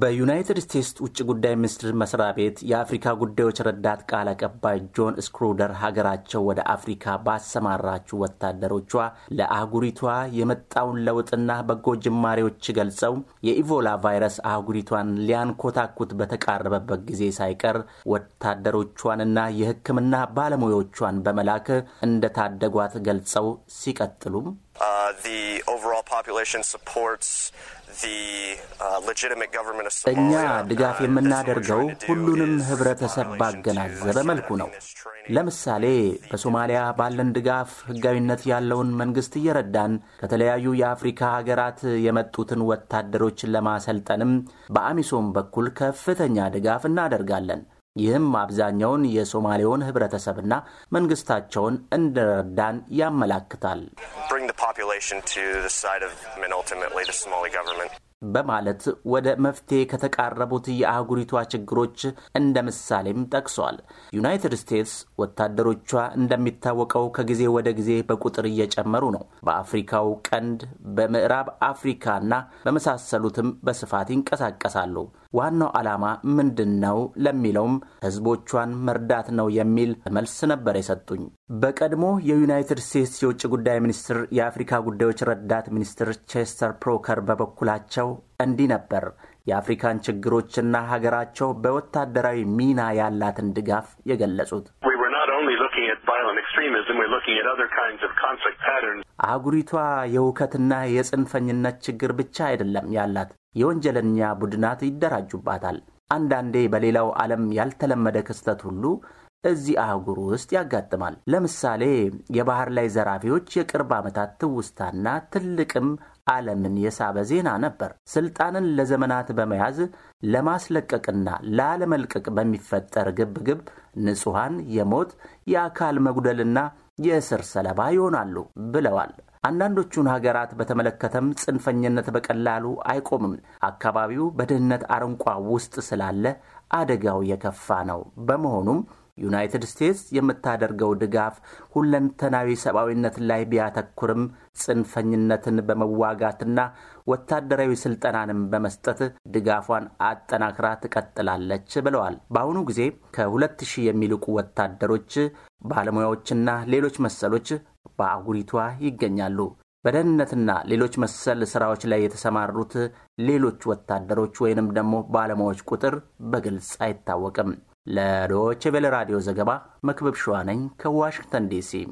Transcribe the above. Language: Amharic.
በዩናይትድ ስቴትስ ውጭ ጉዳይ ሚኒስትር መስሪያ ቤት የአፍሪካ ጉዳዮች ረዳት ቃል አቀባይ ጆን ስክሩደር ሀገራቸው ወደ አፍሪካ ባሰማራችው ወታደሮቿ ለአህጉሪቷ የመጣውን ለውጥና በጎ ጅማሬዎች ገልጸው የኢቮላ ቫይረስ አህጉሪቷን ሊያንኮታኩት በተቃረበበት ጊዜ ሳይቀር ወታደሮቿንና የሕክምና ባለሙያዎቿን በመላክ እንደታደጓት ገልጸው ሲቀጥሉም uh, Uh, እኛ ድጋፍ uh, የምናደርገው ሁሉንም ህብረተሰብ ባገናዘበ መልኩ ነው። ለምሳሌ በሶማሊያ ባለን ድጋፍ ህጋዊነት ያለውን መንግስት እየረዳን ከተለያዩ የአፍሪካ ሀገራት የመጡትን ወታደሮችን ለማሰልጠንም በአሚሶም በኩል ከፍተኛ ድጋፍ እናደርጋለን። ይህም አብዛኛውን የሶማሌውን ህብረተሰብና መንግስታቸውን እንደረዳን ያመላክታል። በማለት ወደ መፍትሄ ከተቃረቡት የአህጉሪቷ ችግሮች እንደ ምሳሌም ጠቅሷል። ዩናይትድ ስቴትስ ወታደሮቿ እንደሚታወቀው ከጊዜ ወደ ጊዜ በቁጥር እየጨመሩ ነው። በአፍሪካው ቀንድ፣ በምዕራብ አፍሪካና በመሳሰሉትም በስፋት ይንቀሳቀሳሉ። ዋናው ዓላማ ምንድን ነው ለሚለውም ህዝቦቿን መርዳት ነው የሚል መልስ ነበር የሰጡኝ። በቀድሞ የዩናይትድ ስቴትስ የውጭ ጉዳይ ሚኒስትር የአፍሪካ ጉዳዮች ረዳት ሚኒስትር ቼስተር ፕሮከር በበኩላቸው እንዲህ ነበር የአፍሪካን ችግሮችና ሀገራቸው በወታደራዊ ሚና ያላትን ድጋፍ የገለጹት። አህጉሪቷ የውከትና የጽንፈኝነት ችግር ብቻ አይደለም ያላት፣ የወንጀለኛ ቡድናት ይደራጁባታል። አንዳንዴ በሌላው ዓለም ያልተለመደ ክስተት ሁሉ እዚህ አህጉር ውስጥ ያጋጥማል። ለምሳሌ የባህር ላይ ዘራፊዎች የቅርብ ዓመታት ትውስታና ትልቅም ዓለምን የሳበ ዜና ነበር። ስልጣንን ለዘመናት በመያዝ ለማስለቀቅና ላለመልቀቅ በሚፈጠር ግብግብ ንጹሐን የሞት የአካል መጉደልና የእስር ሰለባ ይሆናሉ ብለዋል። አንዳንዶቹን ሀገራት በተመለከተም ጽንፈኝነት በቀላሉ አይቆምም፣ አካባቢው በድህነት አረንቋ ውስጥ ስላለ አደጋው የከፋ ነው። በመሆኑም ዩናይትድ ስቴትስ የምታደርገው ድጋፍ ሁለንተናዊ ሰብአዊነት ላይ ቢያተኩርም ጽንፈኝነትን በመዋጋትና ወታደራዊ ስልጠናንም በመስጠት ድጋፏን አጠናክራ ትቀጥላለች ብለዋል። በአሁኑ ጊዜ ከሁለት ሺህ የሚልቁ ወታደሮች፣ ባለሙያዎችና ሌሎች መሰሎች በአጉሪቷ ይገኛሉ። በደህንነትና ሌሎች መሰል ስራዎች ላይ የተሰማሩት ሌሎች ወታደሮች ወይንም ደግሞ ባለሙያዎች ቁጥር በግልጽ አይታወቅም። ለዶች ቬለ ራዲዮ ዘገባ መክበብ ሸዋነኝ ከዋሽንግተን ዲሲ